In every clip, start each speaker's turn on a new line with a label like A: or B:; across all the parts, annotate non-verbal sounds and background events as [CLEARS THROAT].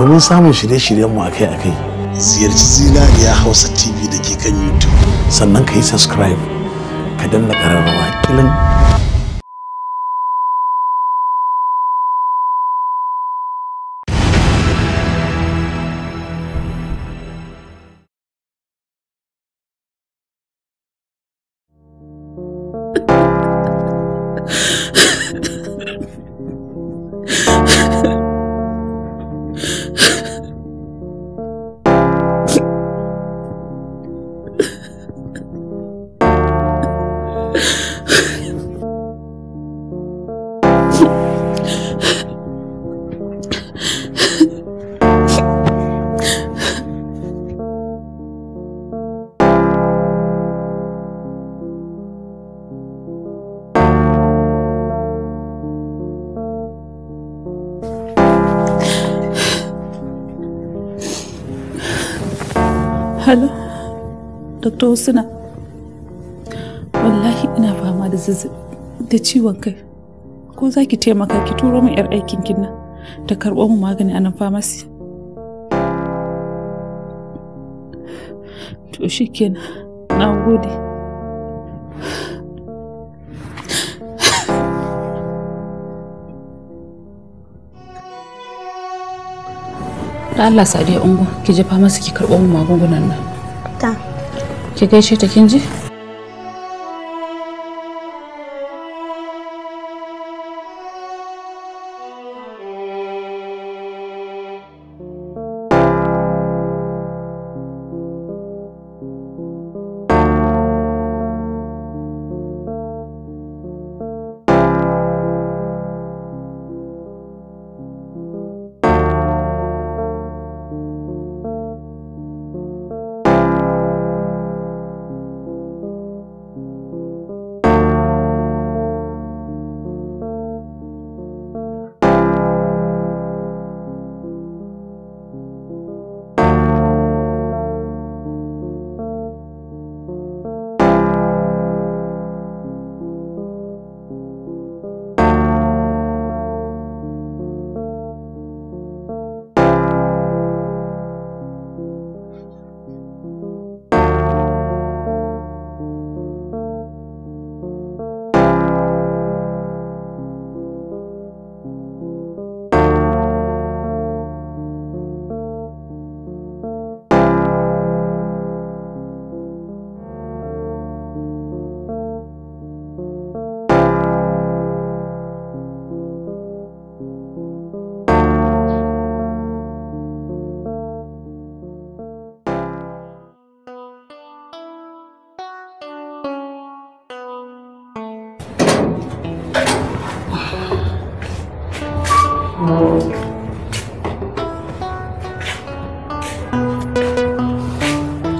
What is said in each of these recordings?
A: domin samun shirye shiryen mu akai-akai ziyarci zinariya hausa tv da ke kan youtube sannan ka yi subscribe ka danna ƙararrawa
B: kilin
C: husna wallahi ina fama da zazzabi da ciwon kai ko za ki taimaka ki turo min yar aikin kin nan ta karɓo mu magani a nan famasi to kenan na gode Allah sadiya ungo ki je famasi ki karɓo mu magungunan nan ta ki gaishe ta kin ji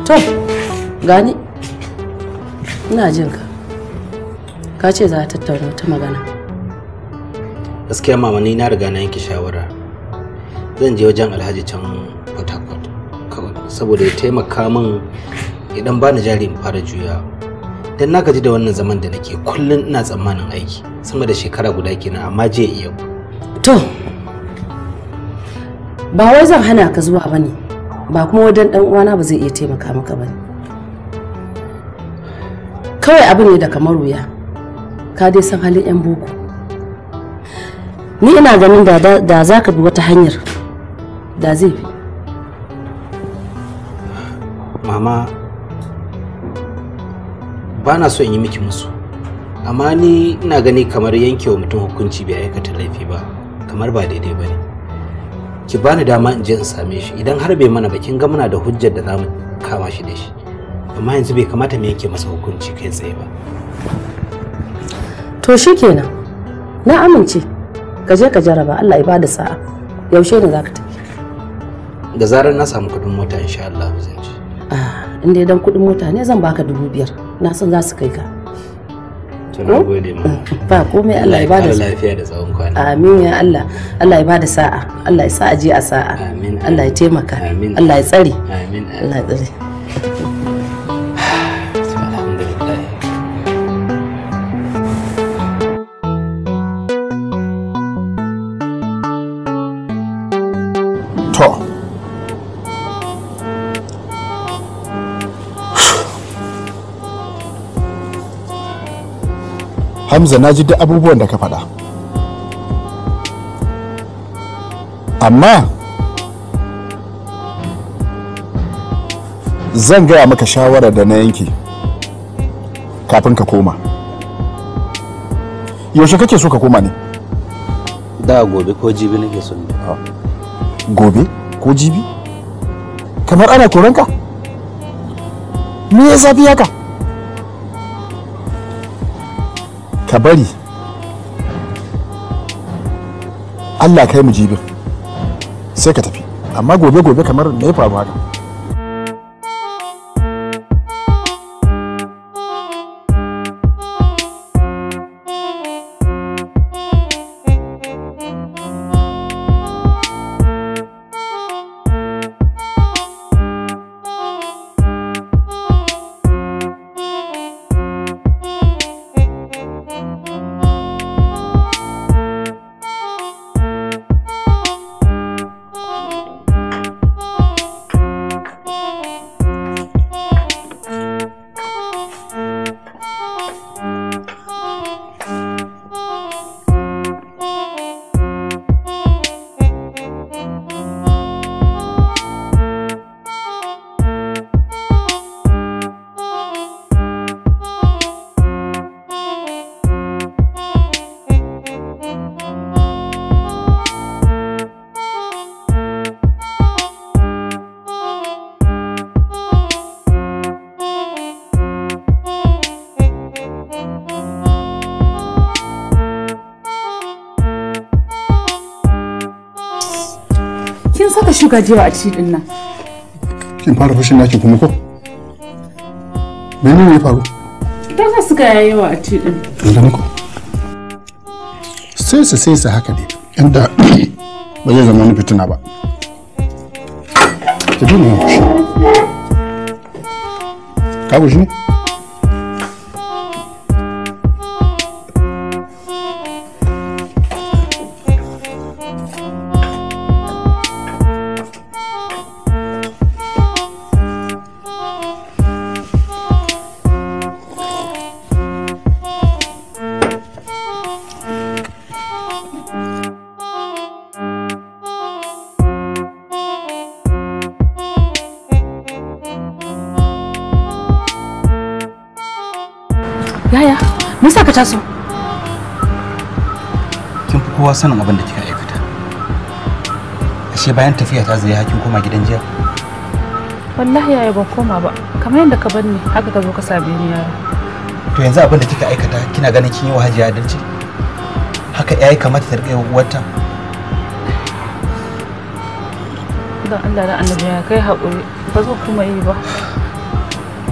D: To, gani, ina jin ka. Ka ce za a tattauna wata magana.
E: Gaskiya mama ni na riga na yanke shawara. Zan je wajen Alhaji can Port Harcourt saboda ya taimaka min idan ba ni jari in fara juya. Dan na gaji da wannan zaman da nake kullun ina tsammanin aiki sama da shekara guda kenan amma je iya. To,
D: ba wai zan hana ka zuwa ba ne ba kuma wajen dan uwana ba zai iya taimaka maka ba kawai abu ne da kamar wuya ka dai san halin yan boko ni ina ganin da da za ka bi wata hanyar da zai fi
E: mama ba na so in yi miki musu amma ni ina gani kamar yankewa mutum hukunci bai aikata laifi ba kamar ba daidai ba ne ki bani dama in je in same shi idan har bai mana ba kin ga muna da hujjar da zamu kama shi da shi amma yanzu bai kamata mu yanke masa hukunci kai tsaye ba
D: to shikenan na amince ka je ka jaraba Allah ya bada sa'a yaushe ne zaka tafi
E: da zarar na samu kudin mota insha Allah zan je
D: ah inda dan kudin mota ne zan baka dubu biyar na san za su kai ka na ba komai Allah ya ba da lafiya
E: da tsawon kwana
D: amin ya Allah Allah ya ba da sa'a Allah ya sa a sa'a amin Allah ya taimaka amin Allah ya tsare amin Allah ya tsare
F: hamza na ji duk abubuwan da ka faɗa amma zan gaya maka shawarar da na yanke kafin ka koma yaushe kake so ka koma ne
E: da gobe ko jibi nake so
F: gobe ko jibi kamar ana koranka me ya zafi haka ka bari allah kai mu jibin sai ka tafi amma gobe gobe kamar me faru haka
C: gajewa a cikin nan.
F: Kin fara fushin naki kuma ko? Menene ya faru?
C: Idan ka suka yayi yawa a cikin.
F: Idan ko. Sai su sai su haka ne. Inda [CLEARS THROAT] ba zai zama ni fitina ba. Ki dole ne. Ka gushi ne?
E: kowa sanin abin da kika aikata ashe bayan tafiya ta zai hakin koma gidan jiya
C: wallahi yaya ban koma ba kamar yadda ka bar ni haka ka zo ka same ni yaro
E: to yanzu abin da kika aikata kina ganin kin yi wa hajiya adalci haka yayi kamata ta rike wata
C: don Allah da annabi ya kai haƙuri ba zo kuma yi ba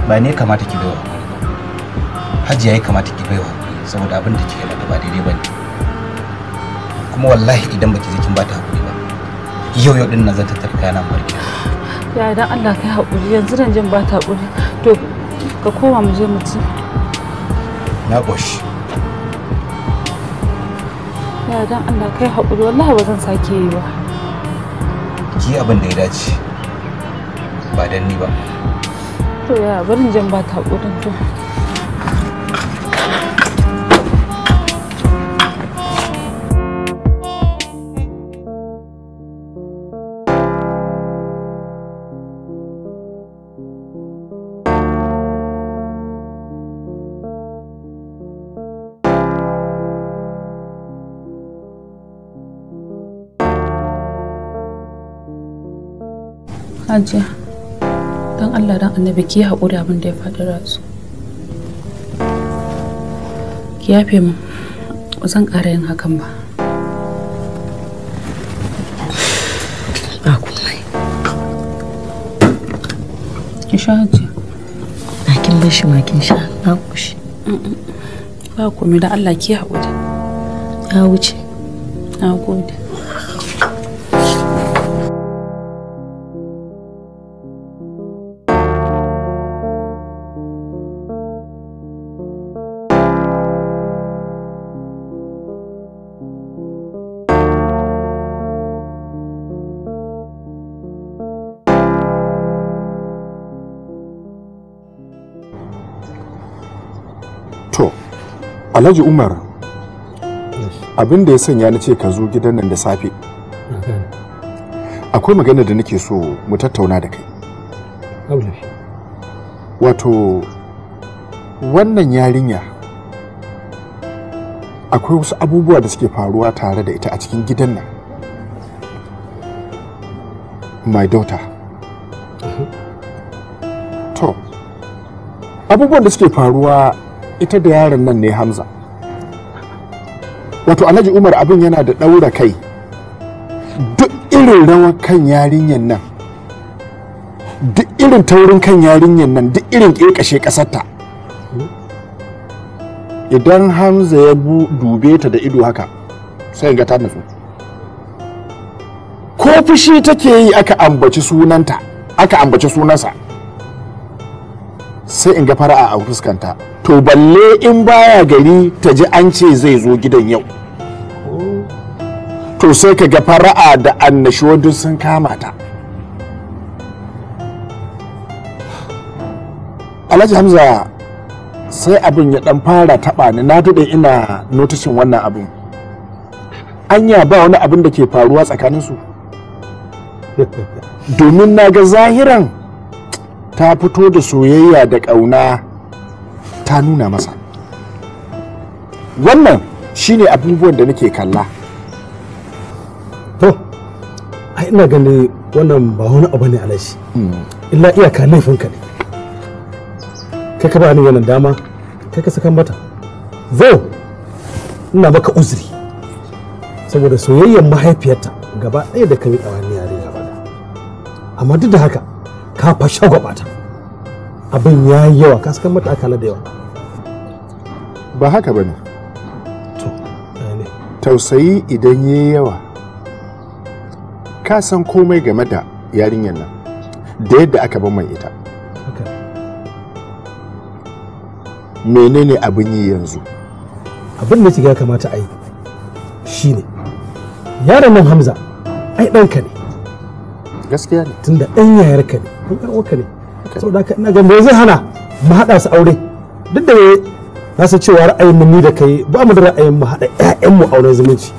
E: ba ne kamata ki baiwa hajiya ya kamata ki baiwa saboda abin da kika da ba daidai ba ne kuma wallahi idan baki je kin bata hakuri ba yau yau din nan zan tattara kayana barki
C: ya idan Allah kai hakuri yanzu nan jin bata hakuri to ka koma mu je mu ci na koshi ya idan Allah kai hakuri wallahi ba zan sake yi ba
E: ki abin da ya dace ba dan ni ba
C: to ya barin jan bata hakuri to
B: Hajiya, don Allah
C: don annabi ki haƙuri abin da ya faɗi ratsu. Ki yafe mu, zan ƙara yin hakan ba. Ba komai. Ki sha hajiya. Bakin bashi makin sha, na ƙoshi. Ba komai don Allah ki haƙuri. Ya wuce. Na gode.
F: alhaji umar abin da ya sanya na ce ka zo gidan nan da safe akwai magana da nake so mu tattauna da kai wato wannan yarinya akwai wasu abubuwa da suke faruwa tare da ita a cikin gidan nan my daughter uh-huh. to abubuwan da suke faruwa ita da yaron nan ne hamza wato alhaji umar abin yana da ɗaura kai duk irin rawar kan yarinyar nan duk irin taurin kan yarinyar nan duk irin ƙirƙashe ƙasarta idan hamza ya dube ta da ido haka sai ga ta nufi ko fushi take yi aka ambaci sunanta aka ambaci sunansa sai in ga fara'a a fuskanta to balle in baya gari ta ji an ce zai zo gidan yau to sai ka ga fara'a da annashuwa duk sun kama ta alhaji hamza sai abin ya dan fara taba ni na daɗe ina noticin wannan abin anya ba wani abin da ke faruwa tsakaninsu
A: [LAUGHS]
F: domin na ga zahiran ta fito da soyayya da ƙauna ta nuna masa wannan shine abubuwan da nake kalla to
A: a ina ganin wannan ba wani abu ne alashi hmm. illa iyaka laifinka ne kai ka ba ni wannan dama kai ka saka mata zo ina maka uzuri saboda soyayyar mahaifiyarta gaba ɗaya da kai ƙawanin yare bada amma duk da haka ka fa shago bata
F: abin ya yi yawa ka saka mata akala da yawa ba haka ba ne tausayi idan ya yi yawa ka san komai game da yarinyar nan da yadda aka ban mai ita menene abin yi yanzu
A: abin da ya kamata a yi shine yaron nan hamza ai ɗanka ne gaskiya ne tunda ɗan yayarka ne in yar uwarka ne saboda haka ina ga me zai hana mu haɗa su aure duk da na san cewa ra'ayin mu ni da kai ba mu da ra'ayin mu haɗa ƴaƴan mu auren zumunci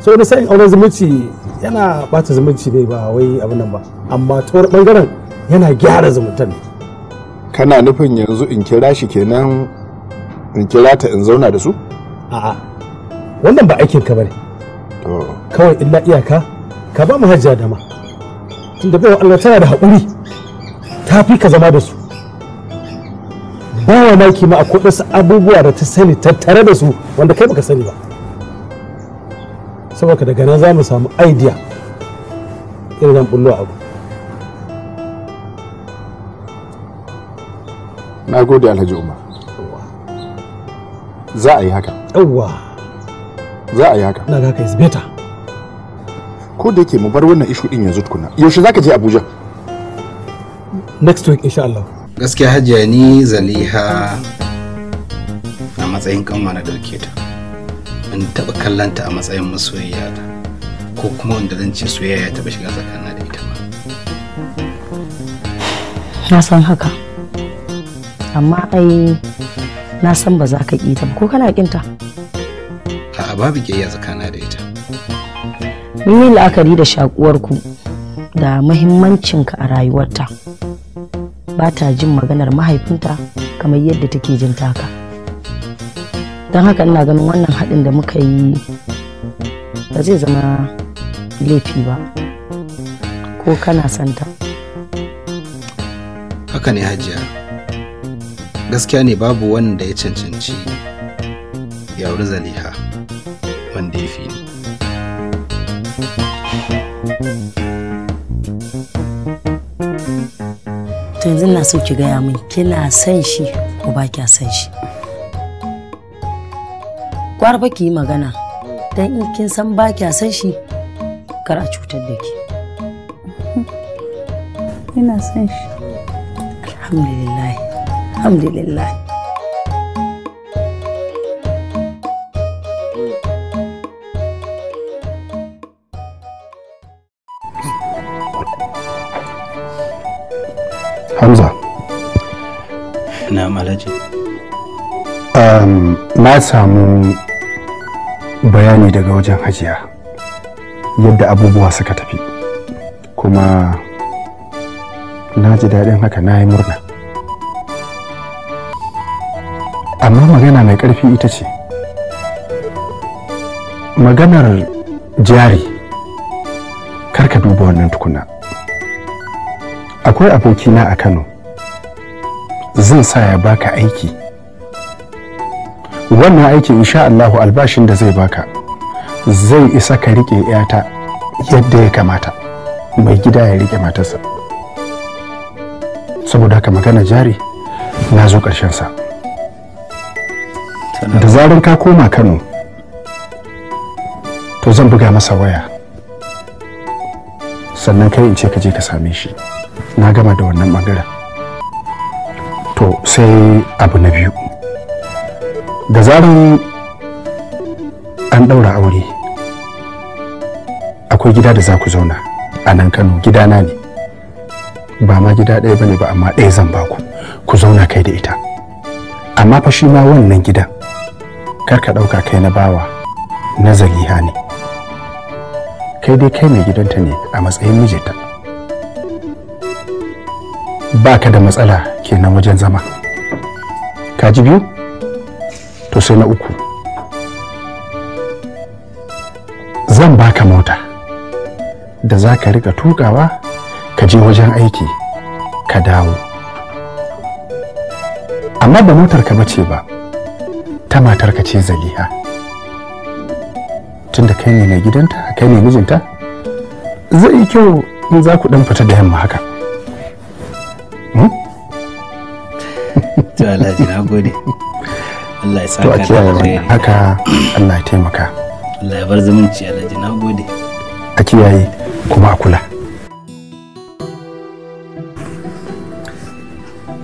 A: so da sai auren zumunci yana bata zumunci ne ba wai abin nan ba amma ta wani bangaren yana gyara
F: zumuntan ne kana nufin yanzu in kira shi kenan in kira ta in zauna da su
A: a'a wannan ba aikin ka bane kawai illa iyaka ka ba mu hajjiya dama tun tunda bai Allah tana da haƙuri ta fi ka zama da su ba mamaki ma akwai wasu abubuwa da ta sani tattare da su wanda kai baka sani ba saboda daga nan za mu samu idea
F: irin bullo abu na gode alhaji umar za a yi haka yawwa za a yi haka na ga ka is better ko da yake mu bar wannan ishu din yanzu tukuna yaushe zaka je abuja
A: next week insha Allah
E: gaskiya hajiya ni zaliha a matsayin kanwa na dauke ta in taba kallanta a matsayin masoyiya ta ko kuma wanda zan ce soyayya ya taɓa shiga tsakanin da ita ba
D: na san haka amma ai na san ba za ka ƙi ta ko kana ƙin ta
E: a babu ƙiyayya tsakanin da ita mun yi la'akari
D: da shakuwar ku da mahimmancinka a rayuwarta ba ta jin maganar mahaifinta kamar yadda take jin taka don haka ina ganin wannan haɗin da muka yi ba zai zama laifi ba ko kana santa
E: haka ne hajiya gaskiya ne babu wanda ya cancanci yauri zaliha wanda ya fi ni
D: to yanzu na so ki gaya min kina san shi ko ba kya san shi kwar ba ki yi magana dan in kin san ba kya san shi kar a cutar da ki
C: ina san shi
D: alhamdulillah alhamdulillah
E: Hamza. Na malaji.
F: Um, na samu bayani daga wajen hajiya yadda abubuwa suka tafi kuma na ji daɗin haka na yi murna. Amma magana mai ƙarfi ita ce, maganar jari karka duba wannan tukuna. akwai abokina a kano zan sa ya baka aiki wannan aiki insha allahu albashin da zai baka zai isa ka rike 'yata yadda ya kamata mai gida ya rike matarsa saboda haka magana jari na zo sa. da zarar ka koma kano to zan buga masa waya sannan kai in ce ka je ka same shi na gama da wannan magana to sai abu na biyu da zaran an ɗaura aure akwai gida da za ku zauna a nan kano na ne ba ma gida ɗaya bane ba amma ɗaya zan baku ku zauna kai da ita amma fa shi ma wannan gidan kar ka ɗauka kai na bawa na zaliha ne kai dai kai mai gidanta ne a matsayin mijinta ba ka da matsala kenan wajen zama ka ji biyu to sai na uku zan baka mota da za ka rika tukawa ka je wajen aiki ka dawo amma ba motar ka bace ba ta matar ka ce zaliha tunda kai ne mai gidanta kai ne mijinta zai yi kyau in za ku dan fita da yamma haka to alhaji na gode Allah ya saka to a kiyaye haka Allah ya taimaka
E: Allah ya bar zumunci alhaji na gode a kiyaye kuma kula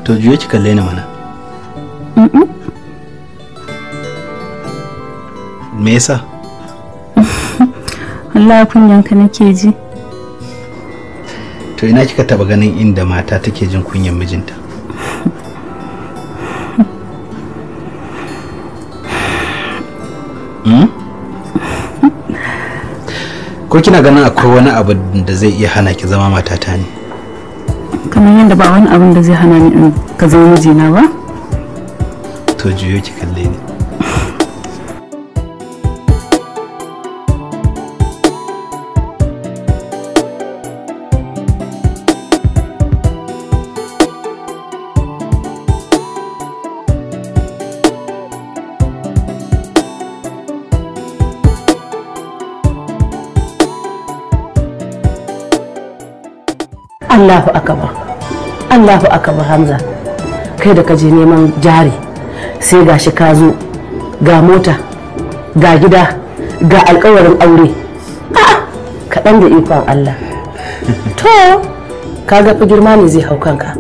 E: to juye ki kalle ni mana me yasa
C: [LAUGHS] Allah kunyanka nake ji
E: to ina kika taba ganin inda mata take jin kunyan mijinta Hmm? ko kina ganin akwai wani abu da zai iya hana ki zama matata ne
C: kamar yadda ba wani abin da zai hana ni ka zama mijina ba
E: to juyo ki kalle ni
D: Allahu akbar Allahu akbar Hamza kai da ka je neman jari sai ga shi ka zo ga mota ga gida ga alkawarin aure kaɗan da ikon Allah [LAUGHS] to kaga fi girma ne zai hau kanka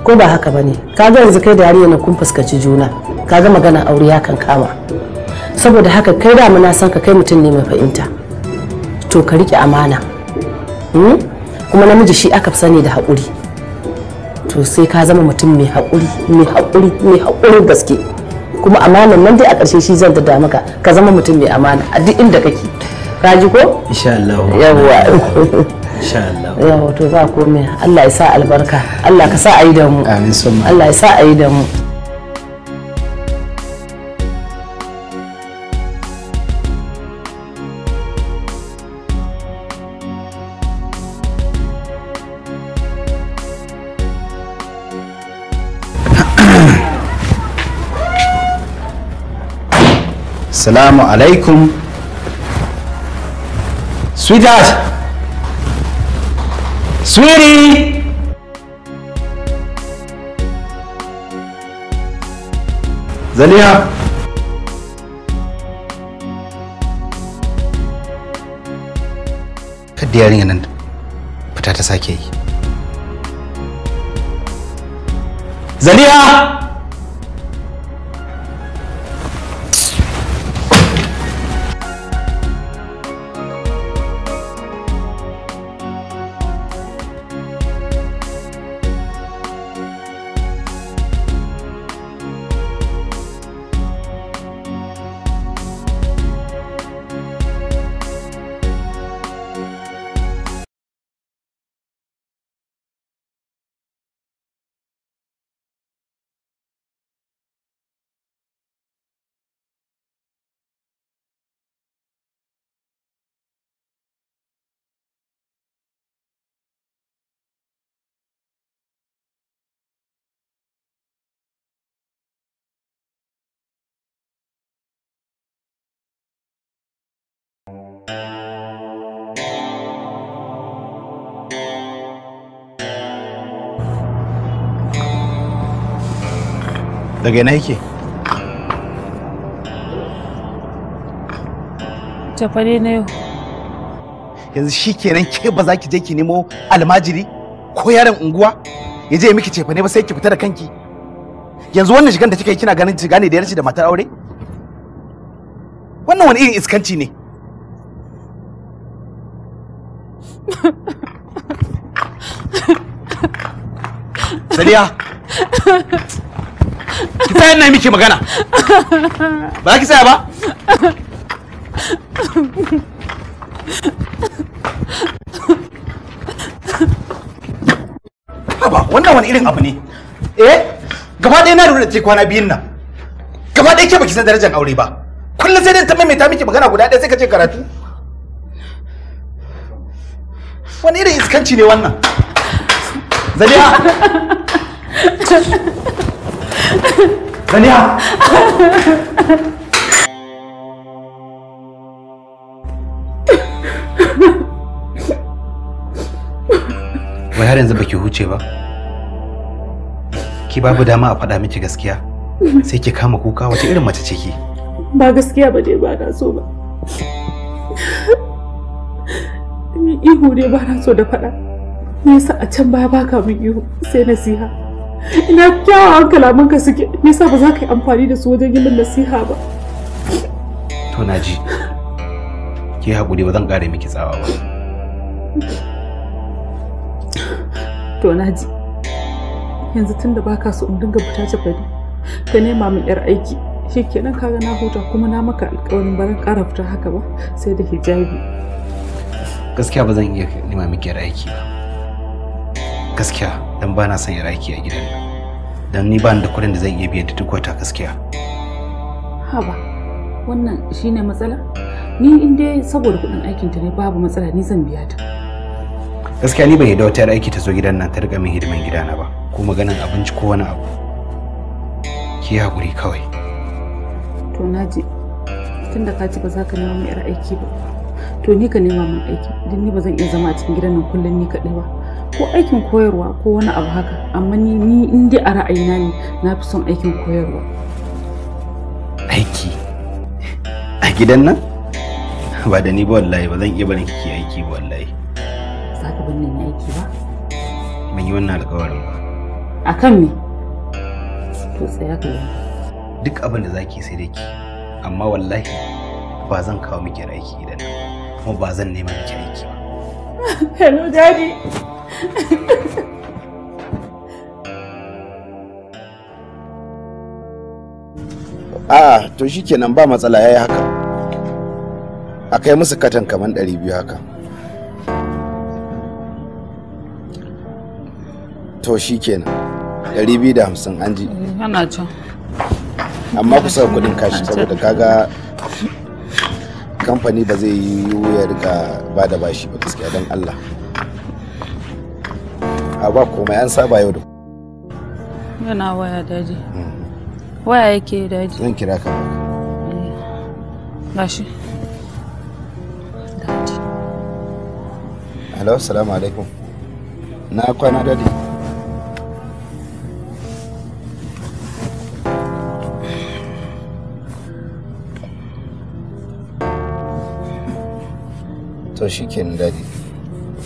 D: ko ba haka ba bane kaga yanzu kai da na kun fuskaci juna kaga magana aure ya kan kama saboda haka kai da mu na san ka kai mutum ne mai fahimta to ka rike amana hmm? kuma namiji shi aka sani da haƙuri to sai ka zama mutum mai haƙuri mai haƙuri mai haƙurin gaske kuma amana nan dai a ƙarshe shi zan da maka ka zama mutum mai amana a duk inda kake ka ji ko insha Allah
E: yawa insha Allah
D: yawa to ba komai Allah ya sa albarka Allah ka sa ayi da mu amin Allah ya sa ayi da mu
E: assalamu alaikum sweetheart
F: sweetie zaliha
E: kadda yarinya nan fita ta sake yi
A: zaliha
E: daga yana yake
C: tafare na yau
E: yanzu shi kenan ke ba za ki je ki nemo almajiri ko yaron unguwa ya je miki cefa ne ba sai ki fita da kanki yanzu wannan shigan da kika yi kina ganin shiga ne da yarci da matar aure wannan wani irin iskanci ne sadiya ki tsaya nan miki magana ba ki tsaya ba haba wannan wani irin abu ne eh gaba ɗaya na lura da ce kwana biyun nan gaba ɗaya ke baki san darajar aure ba kullum sai dai ta maimaita miki magana guda ɗaya sai ka ce karatu wani irin iskanci ne wannan
F: zaliha
B: Saniya!
E: har yanzu huce ba? Ki babu dama a faɗa miki gaskiya. Sai ki kama kuka wace irin mace ce ki?
C: Ba gaskiya ba dai ba na so ba. Ni ihu ne ba na so da faɗa. Me yasa a can baya baka min ihu sai nasiha. ina kyawawan kalamanka suke me yasa ba za ka yi amfani da su wajen yin nasiha ba
E: to na ji ki haƙuri ba zan ƙara miki tsawa ba
C: to na ji yanzu tun da baka so in dinga fita jabari ka nema min yar aiki shikenan kaga na huta kuma na maka alƙawarin ba zan ƙara fita haka ba sai da hijabi
E: gaskiya ba zan iya nema miki yar aiki ba gaskiya dan ba na son ya raki a gidan dan ni ba ni da kudin da zan iya biyan ta duk wata gaskiya
C: haba wannan shine matsala ni in dai saboda kuɗin aikin ta ne babu matsala ni zan biya ta
E: gaskiya ni ban yi da wata yar aiki ta zo gidan nan ta riga min hidiman gidana ba ko maganan abinci ko wani abu ki haƙuri kawai
C: to naji tunda ka ci ba za ka nema mai yar aiki ba to ni ka nema min aiki don ni ba zan iya zama a cikin gidan nan kullum ni kaɗai ba ko aikin koyarwa ko wani abu haka amma ni in dai a ra'ayina ne na fi son aikin koyarwa
D: aiki
E: a gidan nan ba da ni ba wallahi ba zan iya barin kike aiki ba wallahi
C: za ka bin ni aiki ba
E: ban yi wannan alƙawarin ba
C: A kan me to tsaya ka
E: duk abin da zaki sai dai ki amma wallahi ba zan kawo miki aiki gidan nan kuma ba zan nema miki aiki ba
C: [LAUGHS] hello daddy [LAUGHS]
E: ah, to shi kenan ba matsala yayi haka a kai musu katan kaman 200 haka to shi shikenan 250 an ji ana amma kusa kudin kashi saboda kaga kamfani ba zai yi wuya rika ba da bashi ba gaskiya don allah a ba komai an saba yau da
C: yana waya daji mm. waya yake daji zan kira ka mm. gashi
E: daji alaikum assalamu alaikum na kwana daji to shi ke daji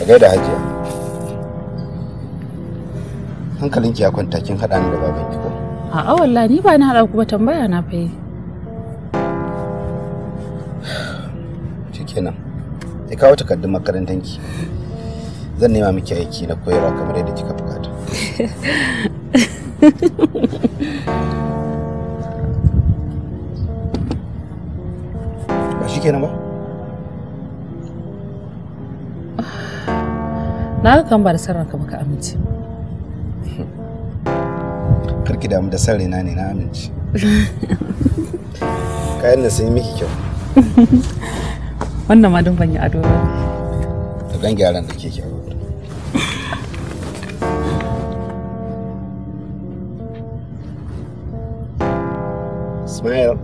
E: a gaida hajiya ki ya kwanta kin haɗa ni da ki ko
C: a'a wallahi ni ba na haɗa ku ba tambaya na fa yi
E: shikenan ki kawo takardun ki zan nema miki aiki na koyarwa kamar yadda kika bukata [LAUGHS] ba shi kenan ba
C: [SIGHS] na ga kan ba da sarrafa baka amince
E: karki damu da san na ne na amince [LAUGHS] kayan nan sun yi miki kyau
C: [LAUGHS] wannan ma dun ban yi ado ba
E: da ɗan gyaran da ke kyau
F: Smile.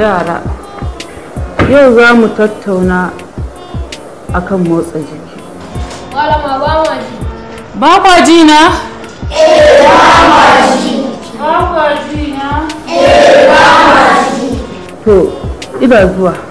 C: yara, yau za mu tattauna akan motsa jiki.
B: Malama ba ma ji.
C: Ba kwa ji na?
B: Eh, ba ma ji. Ba kwa ji na? Eh, ba ma ji. To,
C: ina zuwa.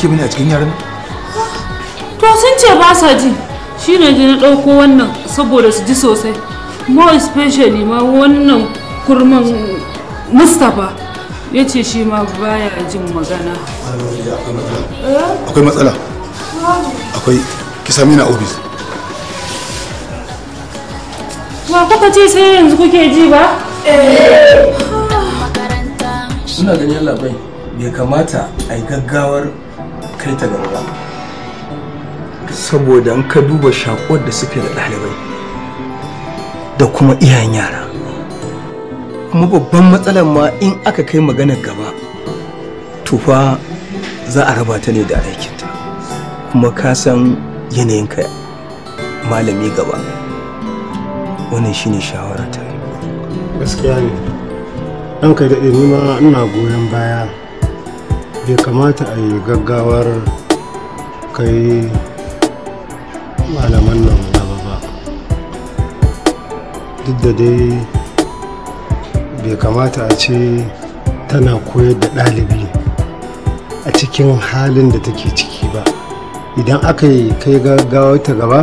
G: kike mini a cikin yaran
C: to sun ce ba sa ji shine ji na ɗauko wannan saboda su ji sosai more especially ma wannan kurman mustapha ya ce shi ma baya jin magana
G: akwai matsala akwai ki sami na ofis
C: wa kuka ce sai yanzu kuke ji ba
H: ina ganin labai bai kamata a yi gaggawar kai ta gaba saboda an ka duba shakuwar da suke da ɗalibai da kuma iyayen yara kuma babban matsalar ma in aka kai magana gaba tufa za a raba ta ne da aikinta kuma ka san yanayin ka malami gaba wannan shine shawara ta
A: gaskiya ne an kai daɗe ni ma ina goyon baya bai kamata a yi gaggawar kai malaman nan gaba ba duk da dai bai kamata a ce tana koyar da ɗalibi a cikin halin da take ciki ba idan aka yi kai gaggawa ta gaba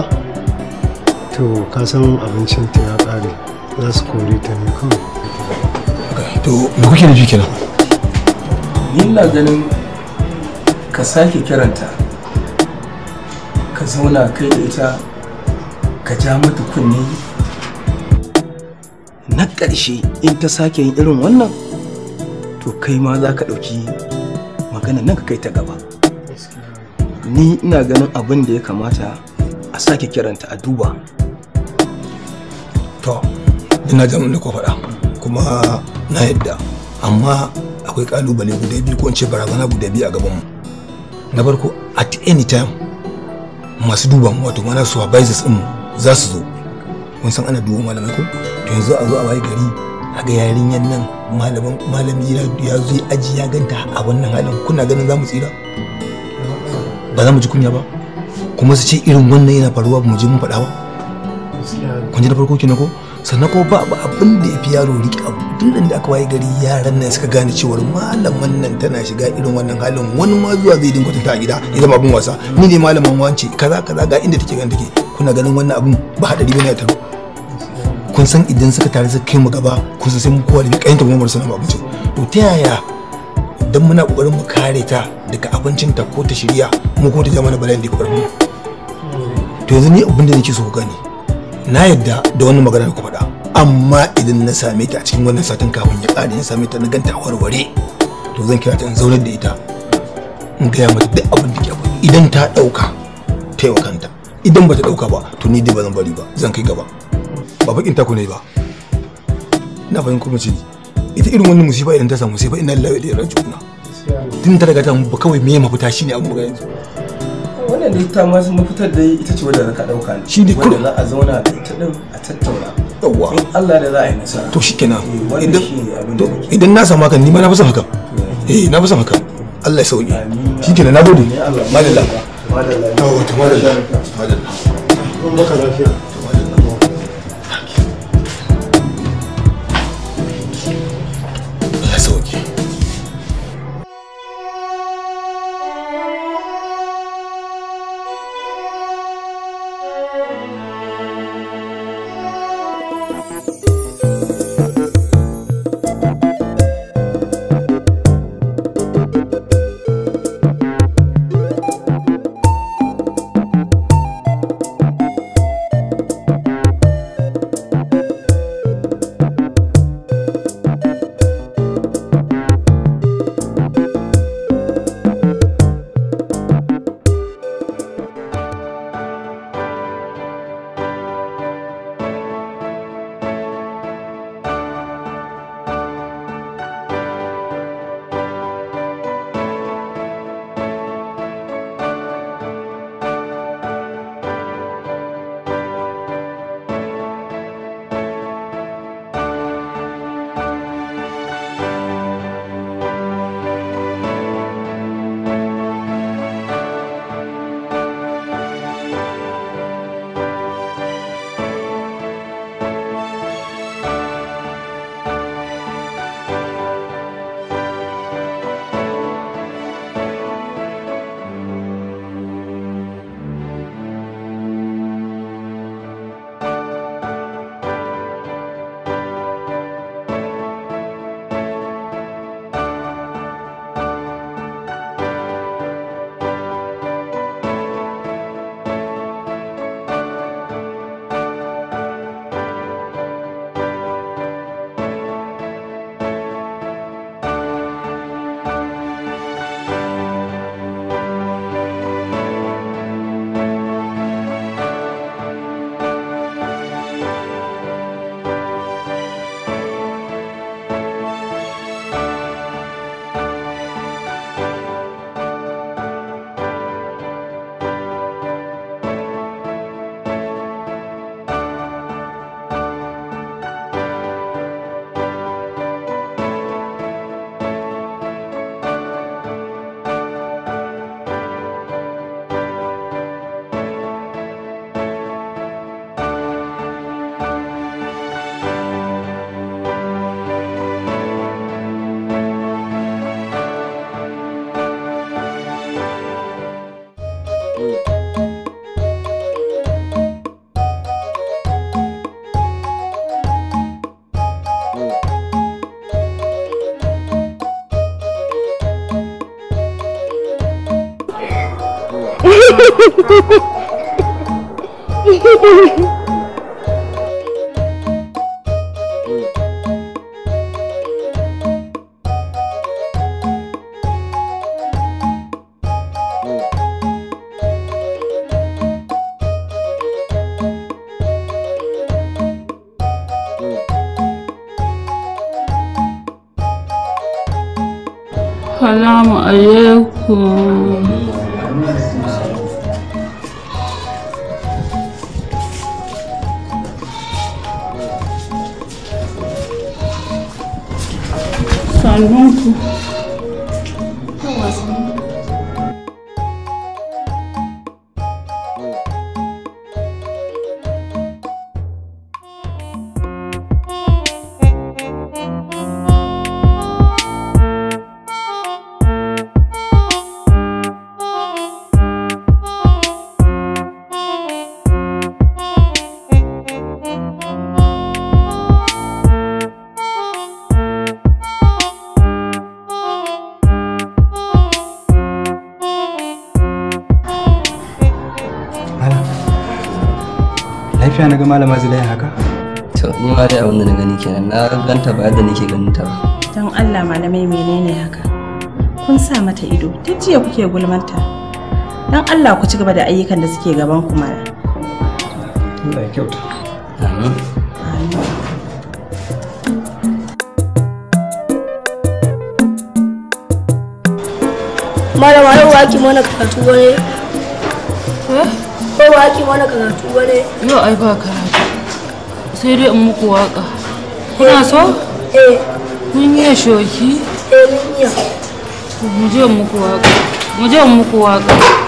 A: to ka san abincin ta ya ƙare za su kori ta ne kawai to me
G: kuke da shi kenan
H: ina ganin ka sake kiranta ka zauna kai da ita ka ja mata kunne na ƙarshe in ta sake yin irin wannan to kai ma za ka ɗauki magana nan ka kai ta gaba ni ina ganin abin da ya kamata a sake kiranta a duba
G: to ina ga da ko faɗa
H: kuma na yadda
G: amma akwai kalubale guda biyu ko in ce barazana guda biyu a gaban mu na farko at any time masu duba mu wato mana supervisors din za su zo kun san ana duba malamai ko to yanzu a zo a waye gari a ga yarinyan nan malamin malami ya zo ya aji ya ganta a wannan halin kuna ganin za mu tsira ba za mu ji kunya ba kuma su ce irin wannan yana faruwa mu je mun faɗa ba kun ji na farko kina ko sannan ko ba abin da ya fi yaro riƙe abu duk da aka waye gari yaran nan suka gane cewa malaman nan tana shiga irin wannan halin wani ma zuwa zai dinga ta a gida ya zama abin wasa ni ne malaman wance kaza kaza ga inda take gan take kuna ganin wannan abin ba hadari bane ya taro kun san idan suka tare suka kai mu gaba kun san sai mu kowa da kayanta mu marsa babu to ta yaya idan muna kokarin mu kare ta daga abincin ta ko ta shirya mu ko ta zama na balan da kokarin to yanzu ni abin da nake so ku na yadda da wannan magana da ku faɗa amma idan na same ta a cikin wannan satin kafin ya kare na same ta na ganta warware to zan kira ta in zaunar da ita in gaya mata duk abin da ke abu idan ta ɗauka ta yi wa kanta idan ba ta ɗauka ba to ni dai ba zan bari ba zan kai gaba ba bakin ku ne ba na fahimta kuma ce ita irin wannan musiba idan ta samu sai fa ina lillahi da rajiuna tun ta daga ta mu kawai me mafita shine abin ga yanzu
H: wannan da ta ma mafitar da ita ce wanda za ka ɗauka ne wanda za a zauna da ita din a tattauna yawa in Allah da za a yi nasara to shikenan eh, idan idan na
G: samu hakan ni ma na fasa haka eh na fasa haka Allah ya sauke shikenan na gode madalla madalla to madalla madalla
C: Wow. Ça
B: a un bon coup.
H: malama zilai haka to ni ma dai abin da na gani kenan na ganta ba yadda nake ganin ta ba
C: don Allah
D: malamai menene haka kun sa mata ido ta jiya kuke gulmanta don Allah ku ci gaba da ayyukan da suke gaban ku mara
B: Allah ya kyauta amin
D: Malama yau waki mana karatu wani wai ba ake mana karatu ba ne
C: yau ai ba karatu sai dai in muku waka kuna so eh mun yi shoki eh mun yi mu je muku waka mu je muku waka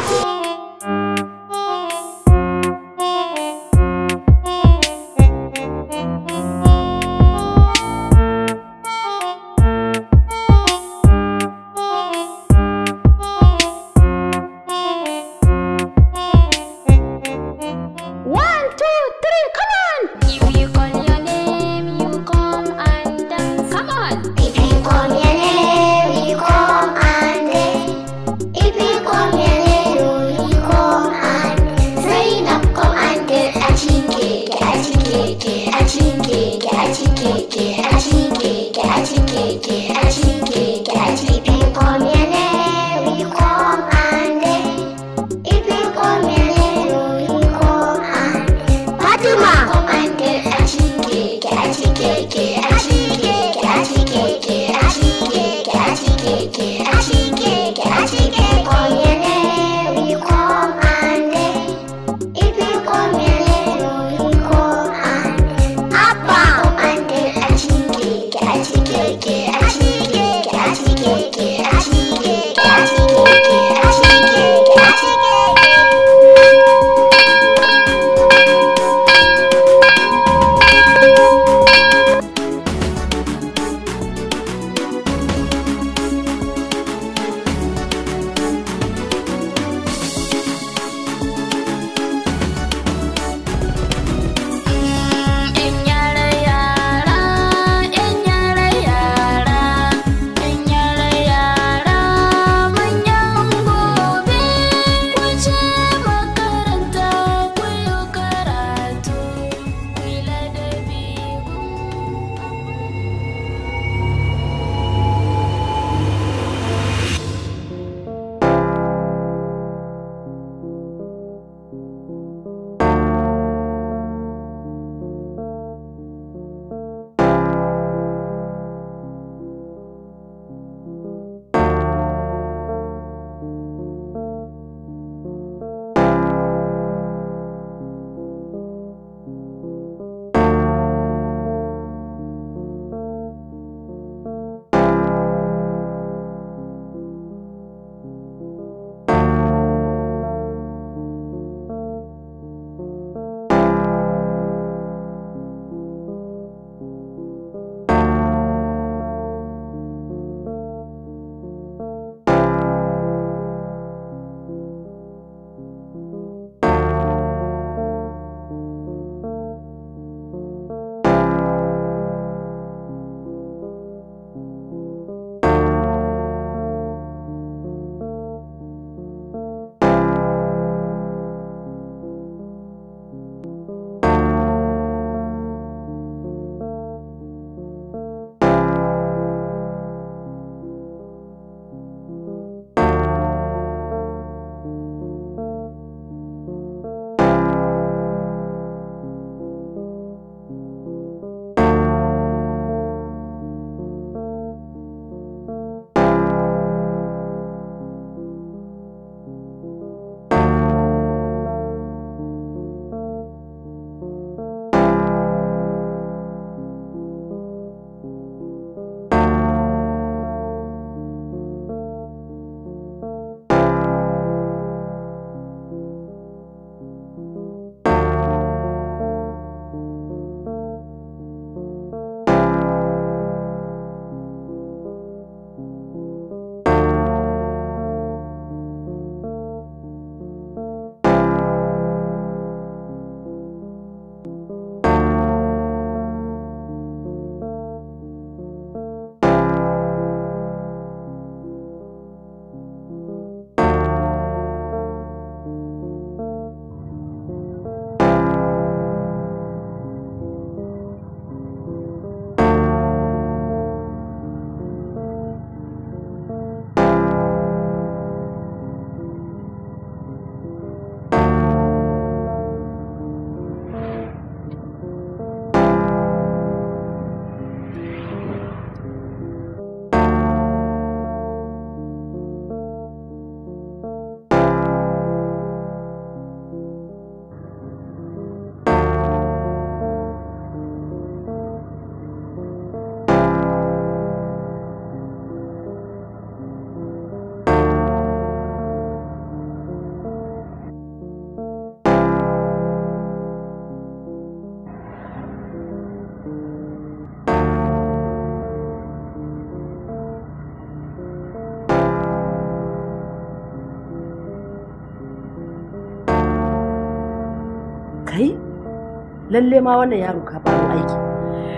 D: lalle ma wannan yaro ka ba aiki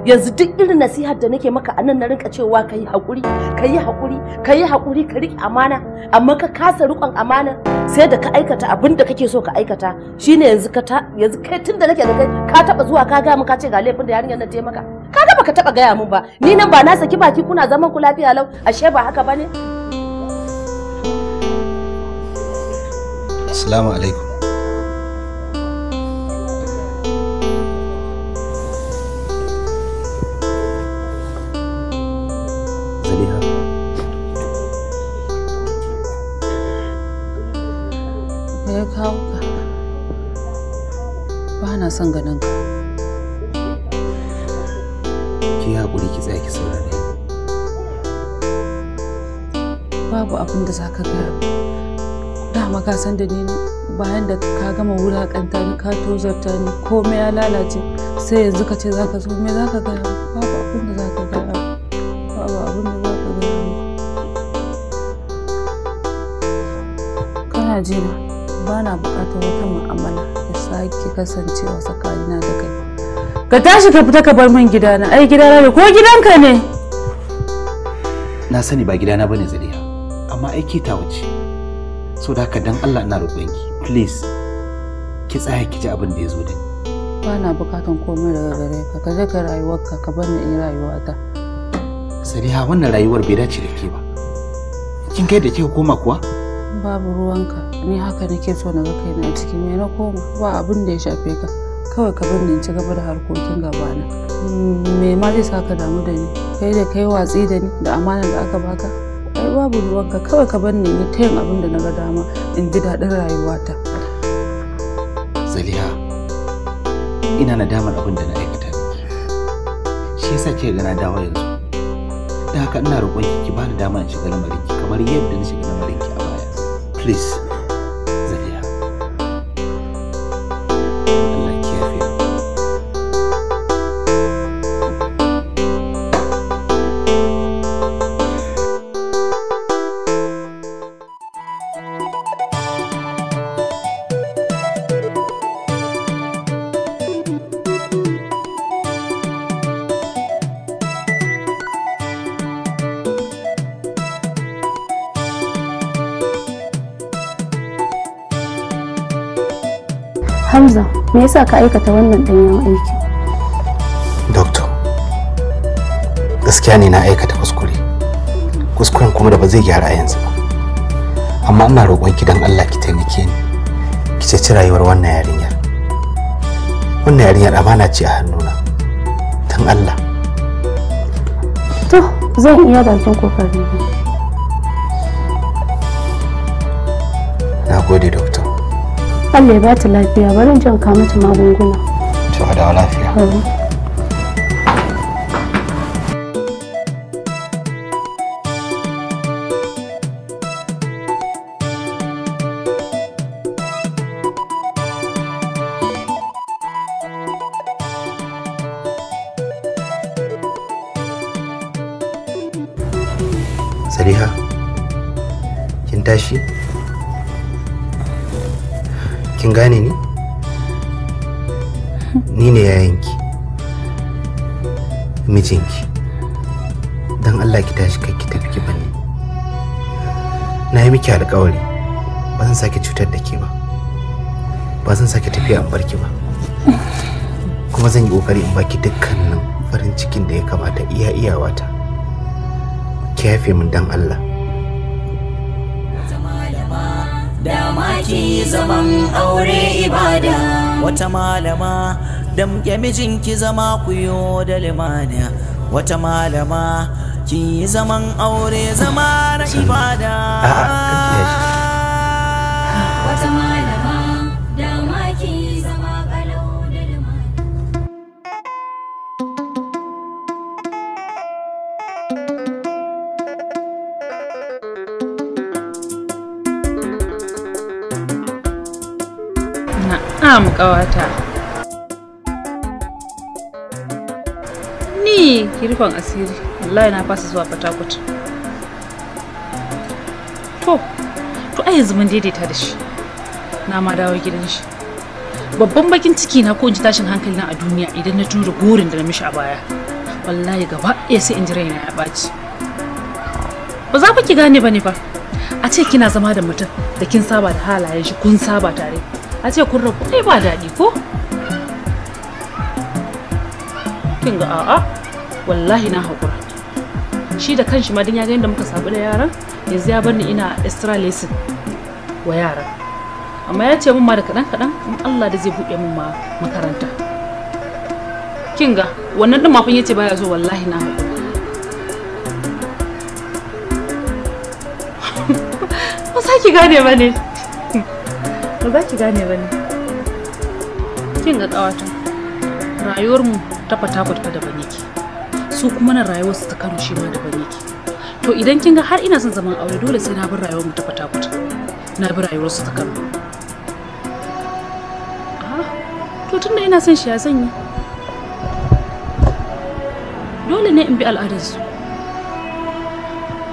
D: yanzu duk irin nasihar da nake maka anan na rinka cewa ka yi haƙuri ka yi haƙuri ka yi haƙuri ka riƙe amana amma ka kasa riƙon amana sai da ka aikata abin da kake so ka aikata shine yanzu ka ta yanzu kai tun da nake da kai ka taba zuwa ka ga mun ka ce ga laifin da yarinyar nan ta maka ka ga baka taba gaya mun ba ni nan ba na saki baki kuna zaman ku lafiya lau ashe ba haka bane
E: assalamu alaikum
C: ya kawo ka ba na son ganin ka
E: ki haƙuri ki tsaya ki saurare
C: babu abin da za ka gaya dama ka san da ni bayan da ka gama wulaƙanta ni ka tozarta ni komai ya lalace sai yanzu ka ce za ka zo me za ka gaya babu abin da za ka gaya babu abin da za ka gaya kana ji na ba na buƙatar wata mu'amala ya sake kasancewa tsakanina da kai ka tashi ka fita ka bar min gidana ai gidana ne ko gidanka ne
E: na sani ba gidana bane zaliya amma aiki ta wuce so da haka dan Allah ina ki please ki tsaya ki ji abin da ya zo da ni
C: ba na bukatan komai daga gare ka ka je ka rayuwarka ka bar ni in ta
E: sariha wannan rayuwar bai dace da ke ba kin kai da ke koma kuwa
C: babu ruwanka ni haka nake so na ga kai na ciki me na koma ba abin da ya shafe ka kawai ka bin ci gaba da harkokin gabana mm, me ma zai sa ka damu da ni kai da kai watsi da ni da amana da aka baka ai babu ruwanka kawai ka bin ni ni ta yin abin da na ga dama in ji daɗin rayuwata
E: zaliya ina na damar abin da na aikata shi yasa ke gana na dawo yanzu da haka ina roƙon ki ki bani dama in shiga lamarin ki kamar yadda na shiga lamarin ki please
C: hamza me yasa ka aikata wannan danyen aiki
E: doctor gaskiya ne na aikata kuskure kuskuren kuma da ba zai gyara a yanzu ba amma ina roƙon ki dan allah ki taimake ni ki ceci rayuwar wannan yarinyar wannan yarinyar amana ce a hannuna Dan allah
C: to zan iya bakin kokari
E: na gode doctor
D: Allah ya ba ta lafiya barin jan ka mata magunguna to da lafiya
E: miki alƙawari ba zan sake cutar da ke ba ba zan sake tafiya in barki ba kuma zan yi ƙoƙari in baki dukkanin farin cikin da ya kamata iya iyawata ki haife min dan Allah
B: da ki
D: zaman aure ibada wata malama damke mijinki zama kuyo da limana wata malama ki zaman aure zama na ibada
B: wata malama zama
C: na'am kawata ki kwa asiri wallahi na fasa zuwa fatakwat to to ai yanzu mun daidaita da shi na ma dawo gidan shi babban bakin ciki na ko in ji tashin hankali na a duniya idan na tura gurin da na mishi a baya wallahi gaba ɗaya sai in ji raina ya baci ba za ku ki gane ba ne ba a ce kina zama da mutum da kin saba da halayen shi kun saba tare a ce kun rabu ba daɗi ko kin ga a'a wallahi na haƙura shi da kanshi ma don ya ga yadda muka sabu da yaran yanzu ya bar ni ina extra lesson wa yaran amma ya ce mun ma da kaɗan kaɗan in Allah da zai buɗe mun ma makaranta kin ga wannan din mafin ya ce baya zo wallahi na haƙura [LAUGHS] ba za ki gane ba ne ba za ki gane ba ne kin ga ƙawata rayuwarmu ta fata da daban yake su kuma na rayuwar su ta Kano shi ma daban yake to idan kin ga har ina son zaman aure dole sai na bi rayuwar mu ta Fatakwat na bi rayuwar su ta Kano ah, to tunda ina son shi ya sanya dole ne in bi al'adar su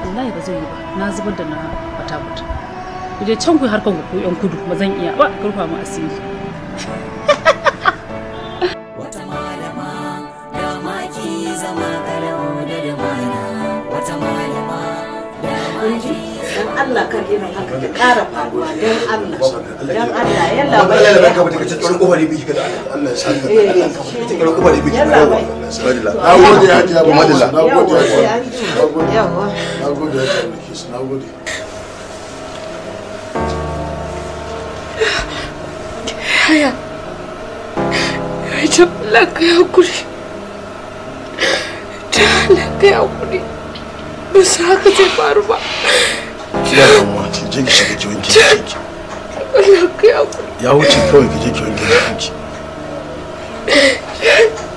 C: wallahi ba zai yi ba na zubar da na Fatakwat ku je can ku harkar ku yan kudu ba zan iya ba karfa mu asiri
D: Allah kar irin haka ta ƙara faruwa don Allah don Allah yalla bai Allah bai kaba take tsoron kofar
F: biki kada Allah ya saka take tsoron kofar biki yalla bai madalla na gode ya ji abu madalla na gode ya ji na gode ya
H: ji na gode
B: Haya, ita Allah ka hakuri, ta Allah ka hakuri, ba su haka faru ba.
A: yaro ma ki
B: je